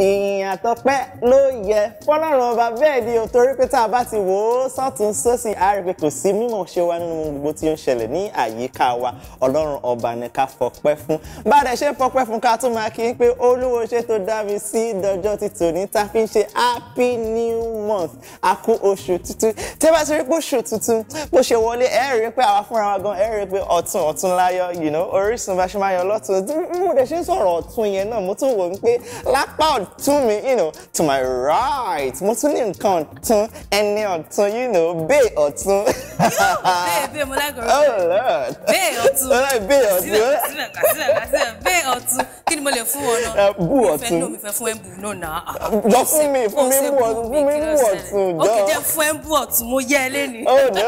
ìyìn àtọpẹ́ ló yẹ fọ́lọ́run ọba bẹ́ẹ̀ ni o torí pé tá a bá ti wò ó sọ́tún sósì a rí pé kò sí mímọ̀ ṣe wa nínú gbogbo tí ó ń ṣẹlẹ̀ ní àyíká wa Ọlọ́run ọba ni ká fọpẹ́ fún bá a dẹ ṣe ń fọpẹ́ fún ká tún máa kí n pé olúwo ṣe tó dá mi sí dọjọ́ ti tòní tá fi ń ṣe happy new month a kú oṣù tuntun tí a bá ti rí pé oṣù tuntun bó ṣe wọlé ẹ rí pé àwa fúnra wa gan ẹ rí pé ọ̀tún ọ̀tún láyọ̀ you know Orísun bá ṣe máa yọ lọ́tún mo dẹ ṣe ń sọ̀rọ̀ mo tún wò ó to me, you know, to my right. Mo tún ní nǹkan ọ̀tún, ẹni ọ̀tún, you know, bẹ́ẹ̀ ọ̀tún. Yóò bẹ́ẹ̀ bẹ́ẹ̀ mo lágọ̀ọ́ oh, rẹ̀. Bẹ́ẹ̀ ọ̀tún. Mo láì bẹ́ẹ̀ ọ̀tún. Sílẹ̀ sílẹ̀ sílẹ̀ sílẹ̀ bẹ́ẹ̀ ọ̀tún. Kí ni mo lè fún wọn náà? Uh, bú ọ̀tún. Mi fẹ́ mi fẹ́ fún ẹ̀bù náà náà. Jọ fún mi, fún mi bú ọ̀tún, fún mi bú ọ̀tún. Ó kì í jẹ́ fún ẹ̀bù ọ̀tún, mo yẹ ẹ lé ni. Oh no.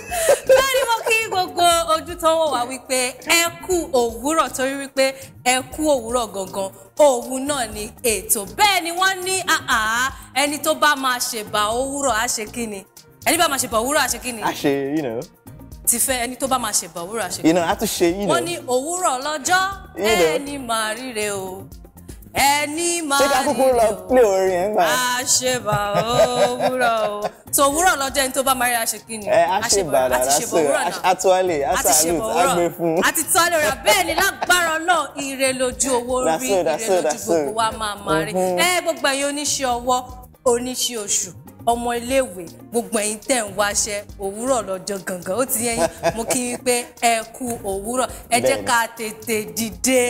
Bẹ́ẹ̀ni tó ń wípé ẹ kú òwúrọ̀ torí wípé ẹ kú òwúrọ̀ gangan òun náà ni ètò bẹ́ẹ̀ ni wọ́n ní ẹni tó bá máa ṣèbà òwúrọ̀ á ṣe kí ni ẹni bá máa ṣèbà òwúrọ̀ á ṣe kí ni. a ṣe you know ti fẹ́ ẹni tó bá máa ṣèbà òwúrọ̀ á ṣe kí ni. you know a tún ṣe you know. wọ́n ní òwúrọ̀ lọ́jọ́ ẹni màá ríre o ẹni máa ní o ṣé ká kúkú lọ pé orin ẹ̀ ń gbà. àṣebà òwúrọ̀ o tó òwúrọ̀ lọ́jọ́ ẹni tó bá máa rí aṣe kí ni. àṣebà dára so àtúwálé àṣàlùt àgbè fún. àti tọ́lé rà bẹ́ẹ̀ ni lágbára náà ire lójú owó rí ire lójú gbogbo wa máa máa rí. Mhm. ẹ gbogbo ẹ̀yin oníṣẹ́ ọwọ́ oníṣẹ́ oṣù ọmọ iléèwé gbogbo ẹ̀yin tẹ́ ń wáṣẹ́ òwúrọ̀ lọ́jọ́ gangan ó ti yẹ mo kí yín pé ẹ kú òwúrọ̀ ẹ jẹ́ ká tètè dìde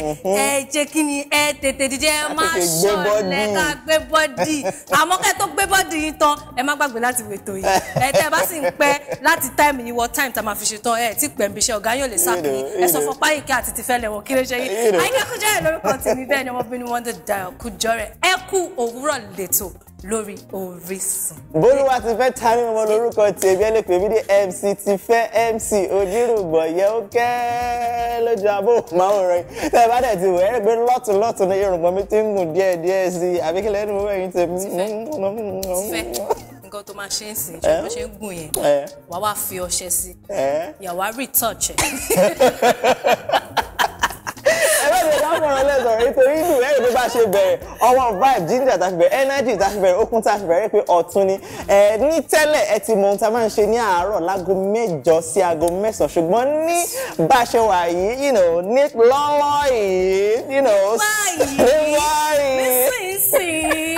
ẹ jẹ́ kí ni ẹ tètè dìde ẹ má ṣọ̀lẹ ká gbé bọ́dì àmọ́ kẹ́ tó gbé bọ́dì yín tán ẹ má gbàgbé láti wètò yìí ẹ tẹ́ bá sì ń pẹ́ láti táìmù yìí wọ táìmù tá a máa fi ṣetán ẹ tí pẹ̀ ń bíṣẹ́ ọ̀gá yóò lè sáàkì yín ẹ sọ fún páyìkì àti tìfẹ́ lẹ̀wọ̀n kí ló lórí Orísun. bólúwa ti fẹ́ ta ní ọmọ lórúkọ tèmi ẹni pè mí ní MC ti fẹ́ MC onírùgbọ̀ yẹ ó kẹ́ lójú abóhùnmáwòrán yìí tẹ́ ẹ bá dẹ̀ ti wọ̀ ẹ́ rí pé lọ́tún lọ́tún ní irùngbọ̀n mi ti ń gùn díẹ̀ díẹ̀ sí i àbí kí lẹ́nu mú ẹ̀yìn tèmi. fẹ́ nǹkan tó máa ṣe ń sìn ṣe bó ṣe ń gùn yẹn wàá wá fi ọṣẹ sí yàwá retouch fọ̀rọ̀ lẹ́sọ̀rọ̀ nítorí ìlú ẹ̀rì bí bá ṣe bẹ̀rẹ̀ ọwọ́ vibe ginger tá a bẹ̀rẹ̀ energy tá a fi bẹ̀rẹ̀ okun tá a fi bẹ̀rẹ̀ pé ọ̀tún ni ẹ ní tẹ́lẹ̀ ẹ ti mọ ohun tá máa ń ṣe ní àárọ̀ láago mẹ́jọ sí aago mẹ́sàn-án ṣùgbọ́n ní bá ṣe wà yìí you know ní lọ́lọ́ yìí you know ní wáyìí nísinsìnyí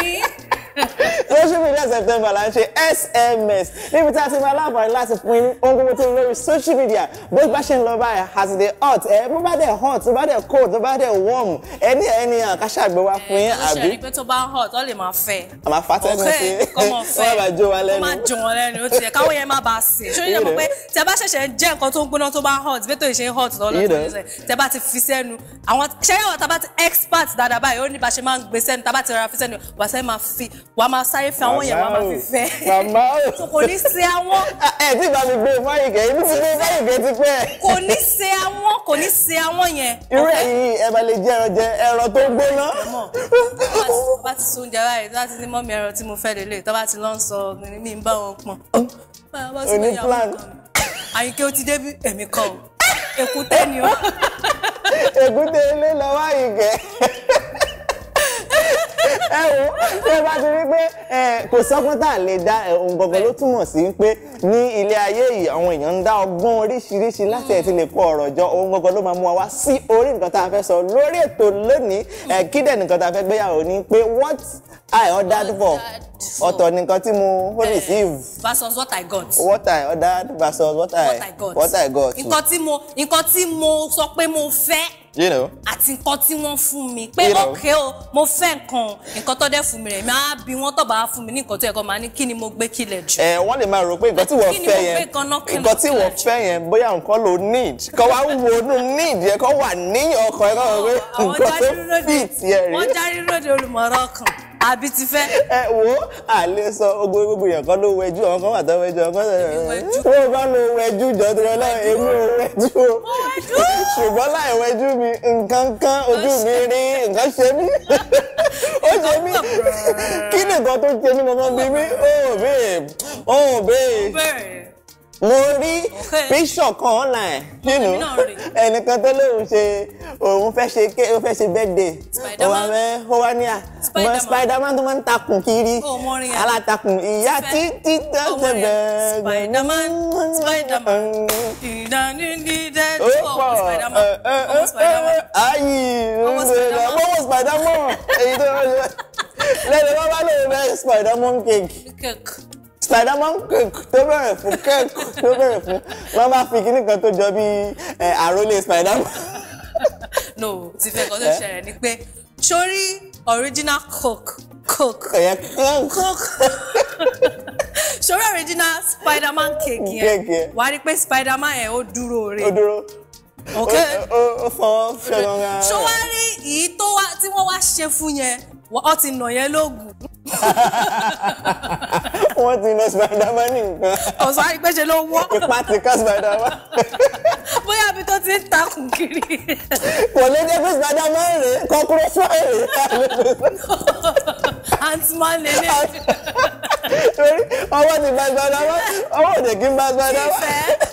social media september la ń ṣe sms níbi tí a ti máa láǹfààní láti pín ohun gbogbo tó ń lórí social media bó bá ṣe ń lọ báyà as e dey hot ẹ bó bá dẹ̀ hot tó bá dẹ̀ cold tó bá dẹ̀ warm ẹni ẹni àkàṣà àgbẹ̀ wa fún yín àbí. ṣe ni pé tó bá hot ó lè máa fẹ́. àmà fatẹ́gùn sí i kọ́mọ fẹ́ wọ́n máa jó wa lẹ́nu. wọ́n máa jó wọn lẹ́nu ó ti yẹ káwọn yẹn má bàa sè. ṣé yín mọ̀ pé tẹ bá ṣẹ̀ṣẹ̀ ń jẹ́ nǹkan tó hot bí tó ṣe ń hot lọ́lọ́ tẹ bá ti fi sẹ́nu àwọn ṣẹ́yàwó tá bá ti expert dáadáa báyìí ó ní bá ṣe máa ń gbé sẹ́nu tá bá ti rárá fi sẹ́nu wàá sẹ́ máa fi wàá máa s sáré fi àwọn yẹn máa fi fẹ́. màmá o so kò ní ṣe àwọn. ẹ ti bá mi gbé e fáyìnkẹ́ ibi ti gbé e fáyìnkẹ́ ti pẹ́. kò ní ṣe àwọn kò ní ṣe àwọn yẹn. irú ẹ̀yin ẹ lè jẹ ẹran jẹ ẹran tó gbóná. bá ti sun jàrá yìí tó bá ti ní mọ́mí ẹran tí mo fẹ́ lélẹ̀ tó bá ti lọ́ sọ mi ń bá wọn pọ̀n. oní oh, plan. àyìnkẹ́ ó ti débi ẹ̀mí kan èkúté ni ó. èkúté ilé lọ wáyìnkẹ́ ẹ wo ṣé bá ti rí pé kò sọ́gbọ́n tá à lè dá ohun gbọ̀ngàn ló túmọ̀ sí pé ní ilé ayé yìí àwọn èèyàn ń dá ọgbọ́n oríṣiríṣi láti ẹ̀ ti lè kó ọ̀rọ̀ jọ ohun gbọ̀ngàn ló máa mú wa sí orí nǹkan tá a fẹ́ sọ lórí ètò lónìí kídẹ̀ nǹkan tá a fẹ́ gbéyàwó ni pé what I ordered for ọ̀tọ̀ nìkan tí mo receive versus what I got what I ordered versus what I what I got nǹkan tí mo sọ pé mo fẹ́ you know. àti nǹkan tí wọ́n fún mi pé ókè o mo fẹ́ nǹkan nǹkan tó dẹ́ fún mi rẹ̀ mi á bí wọ́n tó bá fún mi ní nǹkan tó yẹ kó máa ní kí ni mo gbé kílẹ̀ jù. ẹ eh, wọ́n lè máa rò pé nǹkan tí wọ́n fẹ́ yẹn nǹkan tí wọ́n fẹ́ yẹn bóyá nǹkan ló need kó wá wo inú need yẹn kó wà ní ọkàn ẹ kó wọ́n pé nǹkan tó fit yẹn rí. wọ́n járí lóde olùmọ̀ràn ọkàn àbí ti fẹ́. ẹ wo àlè sọ ogun gbogbo èèyàn kan ló wẹjú àwọn kan wà tó wẹjú àwọn kan wọn kan ló wẹjú jọdúrọ náà èmi ò wẹjú o ṣùgbọ́n láì wẹjú mi nǹkan kan ojú mi rí nǹkan ṣe mí ó ṣe mí kí nìkan tó ṣe mí kankan bí mi ó bèè ó bèè mo rí píṣọ̀ kan online nínú ẹnìkan tó lóun ṣe òun fẹ́ ṣe ké òun fẹ́ ṣe birthday òun àmẹ́ ó wá ní à mọ spiderman tó máa ń takùn kiri alátakùn ìyá tí tí tẹ́ tẹ́ bẹ́ẹ̀ spiderman spiderman ó pọ̀ ayi ọmọ spiderman èyí tó lẹ́nu wọn bá lóun fẹ́ spiderman cake. Spiderman cake tó bẹ̀rẹ̀ fún cake tó bẹ̀rẹ̀ fún wọ́n bá fi kíní kan tó jọ bí àrólé Spiderman. no ti fẹ́ kọ́ tó ṣẹlẹ̀ ni pé sórí original coke coke coke sórí original Spiderman cake yẹn wàá rí pé Spiderman yẹn ó dúró rè ó dúró ok ó fọwọ́ ṣọlọ́ra. ṣọwárí èyí tí wọ́n wá ṣe fún yẹn wọ́n nà yẹn lóògùn wọ́n ti lọ Spiderman nìkan. ọ̀sán àìpéṣe ló wọ́. ipa ti ká Spiderman. bóyá ibi tó ti ń takùn kiri. kò lè jẹ́ pé Spiderman rèé kọ́kúrọ́sọ rèé. antman lele. torí ọwọ́ ti gba Spiderman ọwọ́ òde kí n gba Spiderman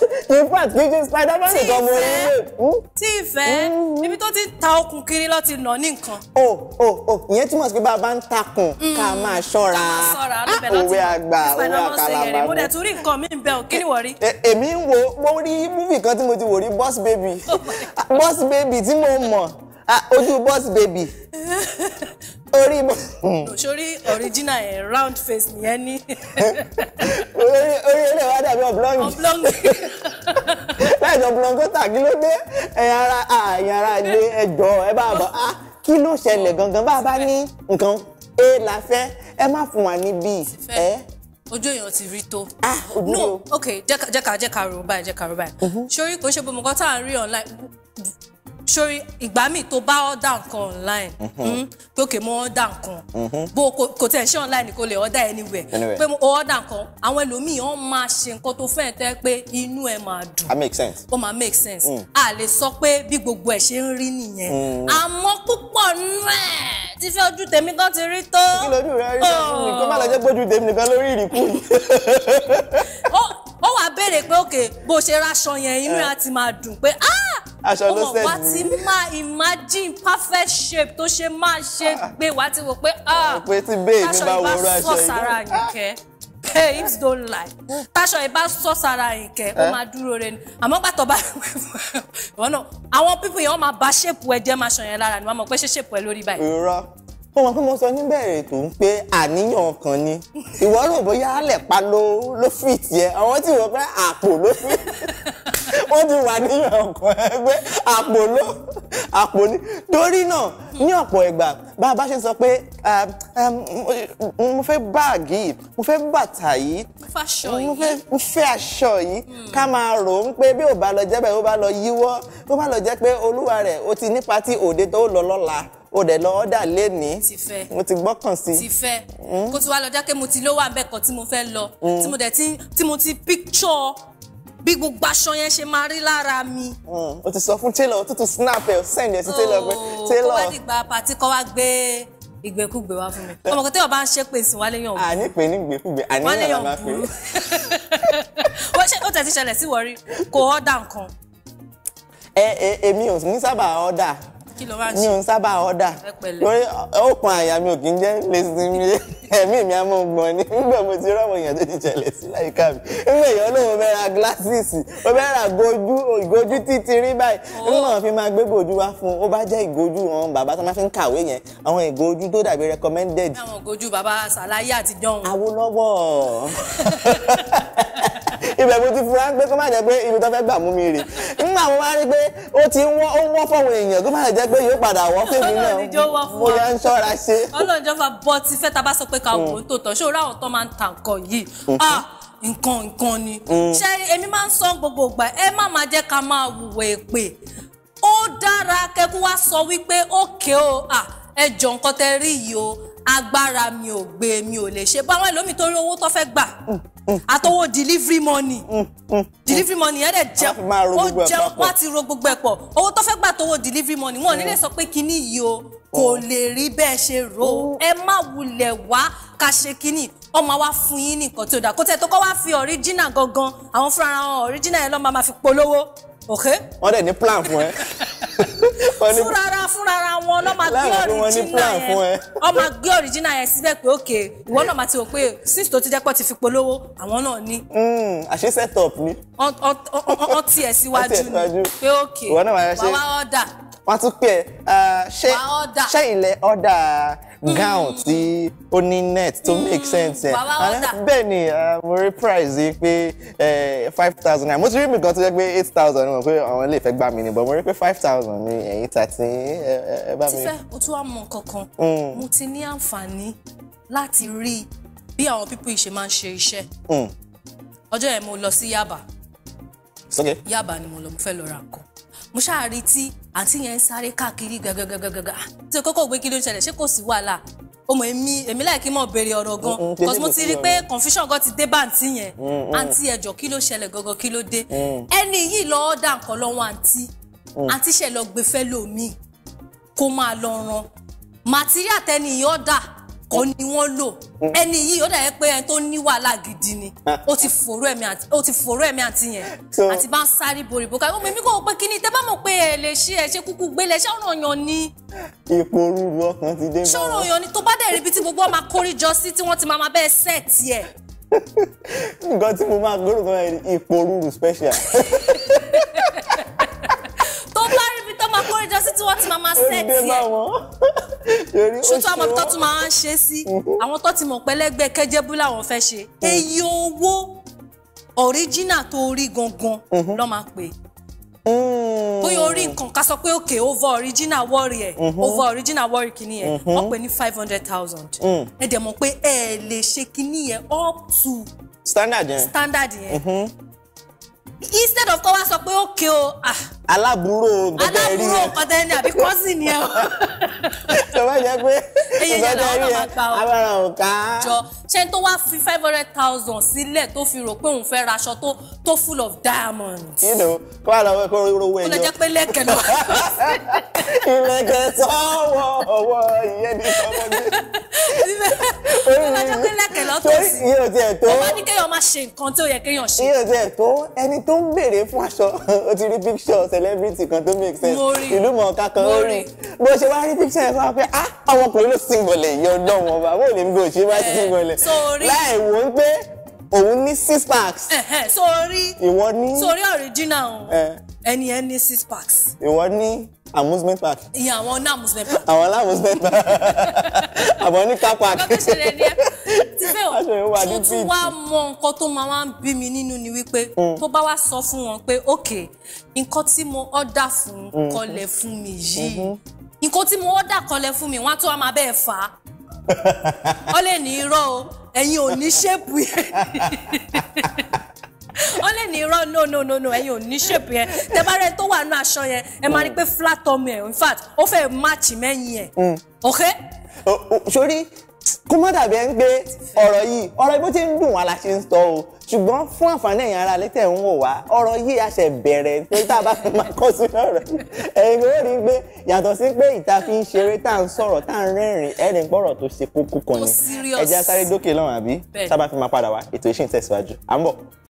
in fact kì í ṣe Spiderman nìkan mo rí lè. Hmm? tí ìfẹ́ hmm. ibi tó ti ta okùn kiri ló ti nà ní nǹkan. o oh, o oh, o oh. ìyẹn túmọ̀ sí pé bá a bá ń takùn hmm. ká máa ṣọ́ra ah, òwe àgbà òwe àkàlàmà. mo dẹ̀ tún rí nǹkan mi bẹ́ẹ̀ kí ni wọ́n rí. E, èmi ń wo mo rí múfì kan tí mo ti wò rí boss baby boss baby tí mo mọ̀ ah, ojú boss baby orí mo. sori hmm. original yẹn round face nìyẹn ní. orí orí ilé wa dàbí ọ̀blọ́ngì. ọ̀blọ́ngì. láì jọ ọ̀blọ́ngọ́tà kí ló dé ẹ̀yà ara ẹ̀yà ara ilé ẹ̀jọ̀ ẹ bá bọ̀ á kí ló ṣẹlẹ̀ gangan bá a bá ní nǹkan e la fẹ́ ẹ má fún wa ní bíi ẹ. ojú èèyàn ti rí tó. ah ojú o. no ok jẹ́ka jẹ́ka jẹ́ka rò báyìí jẹ́ka rò báyìí. sori kò ṣe gbogbo nǹkan tá à ń rí online sórí ìgbà míì tó bá ọ̀dà nǹkan online mhm. hmm, pé òkè mo ọ̀dà nǹkan mhm. bó kò tẹ̀ ṣe online kò lè ọ̀dà anywhere pé mo ọ̀dà nǹkan àwọn ẹlòmíì ọ̀ máa ṣe nǹkan tó fẹ́ tẹ́ pé inú ẹ̀ máa dùn that make sense ó máa make sense mm. a lè sọ pé bí gbogbo ẹ̀ ṣe ń rí nìyẹn mm. àmọ́ púpọ̀ nù ẹ̀ ti fẹ́ ojú tèmi kan ti rí tó. kí lójú rẹ rí sọ́kùnrin kó má lọ jẹ́ gbójú tèmi nìkan lórí ìrìkú ó wàá béèrè pé òkè bó ṣe raṣọ yẹn inú ẹ̀ á ti máa dùn pé ah aṣọ ló sẹ́yìn. wá ti máa imagine perfect shape tó ṣe máa ṣe gbé ah. wá ti wò pé ah aṣọ ìbá sọ sára nìkẹ́ babes don't lie táṣọ ìbá sọ sára nìkẹ́ ó eh? máa dúró re ni àmọ́ gbàtọ̀ bá ìwọ náà àwọn pípọ̀ yẹn wọ́n máa bá ṣèpù ẹ̀jẹ̀ máa ṣàn yẹn lára ni wọ́n mọ̀ pé ṣe ṣèpù ẹ̀ lórí báyìí. irọ́ ó mọ̀ pé mo sọ níbẹ̀rẹ̀ tó ń pé àníyàn kan ni ìwọ rò bóyá lẹ̀pa ló fìtì ẹ àwọn tí wọ́n pẹ́ àpò ló fìtì. wọ́n ti wà ní ọ̀kọ̀ ẹgbẹ́ àpò ló àpò ní torí náà ní ọ̀pọ̀ ìgbà bá a bá ṣe sọ pé um, um, mo fẹ́ báàgì yìí mo fẹ́ bàtà yìí mo fẹ́ aṣọ yìí hmm. ká máa rò ó pé bí ò bá lọ jẹ́ bẹ́ẹ̀ ó bá lọ yíwọ́ ó bá lọ jẹ́ pé olúwa rẹ̀ ó ti ní patí òde tó lọ lọ́la o dẹ̀ lọ ọ́dà lẹ́ni mo ti gbọ́kàn sí. ti fẹ́ hmm. kó ti wá lọ jẹ́ pé mo ti lówó àbẹ́kọ̀ tí mo fẹ́ lọ hmm. tí mo ti picture bí gbogbo aṣọ yẹn ṣe máa rí lára mi. Hmm, o ti sọ fún tailor o tuntun snap ẹ o send ẹ sí tailor pé oh, tailor. kó wá dìgbà pàtí kó wá gbé ìgbẹ́kúgbẹ́ wá fún mi ọmọ kan tẹ́wọ̀ bá ń ṣe pé ìsìn wálé yàn wò. àní pé ní ìgbẹ́kúgbẹ́ àníyàn la máa pè é. wọ́n ṣe ó tẹ̀ ti ṣẹlẹ̀ sí wọ́rí kò ọ́dà nǹkan. ẹ ẹ èmi ò ní sábà ọ́dà kí ló máa ń ṣe. mi ò ń sábà ọ̀dà lórí òpin àyà mi ò kì í jẹ́ lẹ́sìn mi ẹ̀mí mi á mọ̀ gbọ́n ni nígbà mo ti rọ́ọ̀mù èèyàn tó ti ṣẹlẹ̀ sí láyìíká mi nígbà èèyàn náà mo fẹ́ ra gíláṣìsì mo fẹ́ ra gojú ìgojú títí rí báyìí oh. nígbà wọn fi máa gbé gojú wá fún un ó bá jẹ́ ìgojú àwọn bàbá tó máa fi ń kàwé yẹn àwọn ìgojú tó dàbí recommended. àwọn ìgojú bàbá sàlàyé àtijọ́ wọn. Awólọ́wọ̀ ibẹ̀ mo ti fura pé kó má jẹ́ pé ibi tó fẹ́ gbà mú mi rè nígbà mo máa rí pé ó ti wọ́n ó wọ́n fọ́wọn èèyàn kó má jẹ́ pé yóò padà wọ́n fèmí náà mo yà ń ṣọ́ra ṣe. ọlọ́njọ́fà bọ́ ti fẹ́ ta bá sọ pé ká wò ó tó mm. tọ̀ ṣé o ráwọn tó máa ń ta nǹkan yìí mm. ah, nǹkan nǹkan ni mm. ṣé èmi máa ń sọ gbogbo ìgbà ẹ má máa jẹ́ ká máa wùwẹ̀ èpè ó dára kẹ́kú wá sọ wípé ókè o ẹ jọ nǹkan tẹ rí yìí o agbára mi ò gbé mi ò lè ṣe bá àwọn ẹlòmíì tó rí owó tó fẹ́ gbà àtọwọ́ delivery money delivery money yẹn dẹ̀ jẹ́ ó jẹ́ wá ti ro gbogbo ẹ̀ pọ̀ owó tó fẹ́ gbà tọwọ́ delivery money wọn ò ní lè sọ pé kinní yìí o kò oh. lè rí bẹ́ẹ̀ ṣe rò ó ẹ má wulẹ̀ wá ká ṣe kinní ọmọ wa fún yín ní nǹkan tí ó dà kó tẹ̀ tó kọ́ wá fi original gangan àwọn fúnra wọn original yẹn lọ́ máa fi polówó ok. wọ́n dẹ̀ ní plan fún ẹ. fúnra fúnra wọn náà máa gbé ọ̀ríjínà yẹn ọ máa gbé ọ̀ríjínà yẹn síbẹ̀ pé òkè ìwọ náà máa ti wò pé since tó ti jẹ́ pọ̀ ti fi polówó àwọn náà ní. Hmm, àṣé set up ni. ọ tiẹ̀ síwájú ni pé òkè wàá ọ̀dà. wọ́n á tún pé ah, ṣé ilẹ̀ ọ̀dà. gown tí ó ní net tó make sense yẹn bẹ́ẹ̀ ni um, mo rí price yìí pé eh, five thousand naira mo ti rí mi gan tó jẹ́ pé eight thousand mo pé àwọn ilé ìfẹ́ gbà mí ni but mo rí pé five thousand ni ẹ̀yìn tàtí ẹ bá mi. tífẹ́ o tún wá mọ kankan mm. mo ti ní àǹfààní láti rí bí àwọn pípọ̀ ìṣe máa ń ṣe iṣẹ́ mm. ọjọ́ yẹn mo lọ sí Yaba Yaba ni mo lọ mo fẹ́ lọ ra nǹkan mo ṣáà rí tí àǹtí yẹn ń sáré káàkiri gàgàgàgàgà tí o kọ́kọ́ gbé kí ló ń ṣẹlẹ̀ ṣé kò sí wàhálà ọmọ èmi èmi láìkí mọ̀ béèrè ọ̀rọ̀ gan because mo ti rí i pé confusion gan ti dé bá àǹtí yẹn àǹtí ẹ̀jọ̀ kí ló ṣẹlẹ̀ gangan kí ló dé ẹni yìí lọ ọ́dà nǹkan lọ́wọ́ àǹtí mm. àǹtí ṣẹ̀ lọ gbé kó máa lọ ran màtíríà tẹni yìí kọ́ ni wọ́n lò ẹni yìí ó dàbí pé ẹni tó ní wàhálà gidi ni ó ti fòrò ẹ̀mí àti ó ti fòrò ẹ̀mí àti yẹn àti bá ń sáré borí bó ká ó mímí kò pé kí ni tẹ bá mọ̀ pé ẹ lè ṣe ẹ ṣe kúkú gbélé ṣé ọ̀ràn yàn ni. ipò rúru ọkàn ti dé bá wọn. ṣé ọ̀ràn yàn ni tó bá dẹ̀ rí ibi tí gbogbo ọmọ akórìjọ sí tí wọ́n ti máa máa bẹ́ẹ̀ sẹ́ẹ̀tì ẹ̀. nǹkan tí mo máa gbórúkọ ẹ ni ipò rúru special. tó bá rí ibi tó máa kórìjọ sí tí wọ́n ti máa máa sẹ́ẹ̀tì ẹ̀ ṣùtọ́ àmọ́ tó tún máa ń ṣe sí àwọn tó ti mọ̀ pẹ́lẹ́gbẹ́ kẹ́jẹ́bú làwọn fẹ́ ṣe èyí hm. owó ọ̀ríjínà tó rí gangan hm. lọ́ máa pè hm. bóyá orí nǹkan ká sọ pé òkè over original worry ẹ over original worry kìíní ẹ wọ́n pè ní five hundred thousand ẹ dẹ̀ mọ̀ pé ẹ lè ṣe kìíní yẹn up to standard standard yẹn instead of kọ́ wá sọ pé ókè o. Ah. alábùúrò kọtẹ rí ẹ alábùúrò kọtẹ ní àbí kọ́sì ni ẹ o. sọ ma jẹ pé kọtẹ rí ẹ abara òǹkà ṣẹ́ni tó wá fi five hundred thousand sílẹ̀ tó fi rò pé òun fẹ́ raṣọ tó tó full of diamonds. you know kó wà lọ́wọ́ kó rírọ owó ẹ̀yọ. ó lè jẹ́ pé lẹ́kẹ̀ lọ. ìlẹ̀kẹ̀ sọ́wọ́ ọwọ́ ìyẹn ní ọmọdé. ó lè jẹ́ pé lẹ́kẹ̀ lọ tó sí. iye ò tiẹ̀ tó. ọba ní kéèyàn máa ṣe nǹkan tí ó yẹ kéèyàn ṣe. iye ò tiẹ̀ tó ẹni tó ń béèrè fún aṣọ ó ti rí picture celebrity kan tó make sense. mo rí ìlú mọ̀ọ́ká kan ó rí. bó ṣe wá rí picture yẹn fún wa pé ah ọmọkùnrin ló single ẹ̀ yọ ọdọ́ wọn bá bó lè mi kò ṣe má single ẹ̀ sórí láì wò ó pé òun ní six packs. sórí ìwọ ní sórí original ẹni ẹ ní six packs. ìwọ ní amusement park. iye àwọn ní amusement park. àwọn ní amusement park àwọn ní car park. bàbá ìṣẹ̀lẹ̀ ni ẹ ti fẹ́ o tó tún wá mọ nǹkan tó máa ń bí mi nínú ni wípé mm. tó bá wá sọ fún wọn pé ok nǹkan tí mo order fún mm. kọlẹ̀ fún mi yìí mm-hmm. nǹkan tí mo order kọlẹ̀ fún mi wọ́n á tó wá máa bẹ́ẹ̀ fà á ó lè ní irọ́ o ẹ̀yin ò ní ṣépù yẹn ó lè ní irọ́ no no no no ẹ̀yin ò ní ṣépù yẹn tẹ bá rẹ tó wà nù aṣọ yẹn ẹ máa rí pé flat ọmọ ẹ in fact ó fẹ́ match mẹ́yìn ẹ̀ mm. ok. sori kó má dàbí ẹ ń pé ọ̀rọ̀ yìí ọ̀rọ̀ ibo tí ń dùn wá la ṣe ń sọ o ṣùgbọ́n fún àǹfààní ẹ̀yin ara lẹ́tẹ̀ ń wò wá ọ̀rọ̀ yìí a ṣẹ̀ bẹ̀rẹ̀ pé tá a bá fi máa kọ́ sí ọ̀rọ̀ ẹ̀yin kò rí i pé yàtọ̀ sí pé ìta fi ń ṣeré tá à ń sọ̀rọ̀ tá à ń rẹ́rìn ẹ̀rì ń gbọ́rọ̀ tó ṣe kókó kan ni ẹ̀jẹ̀ asáré dókè lọ́wọ́n àbí tá a bá fi máa padà wá ètò ìṣìn tẹ̀síwájú à ń bọ̀.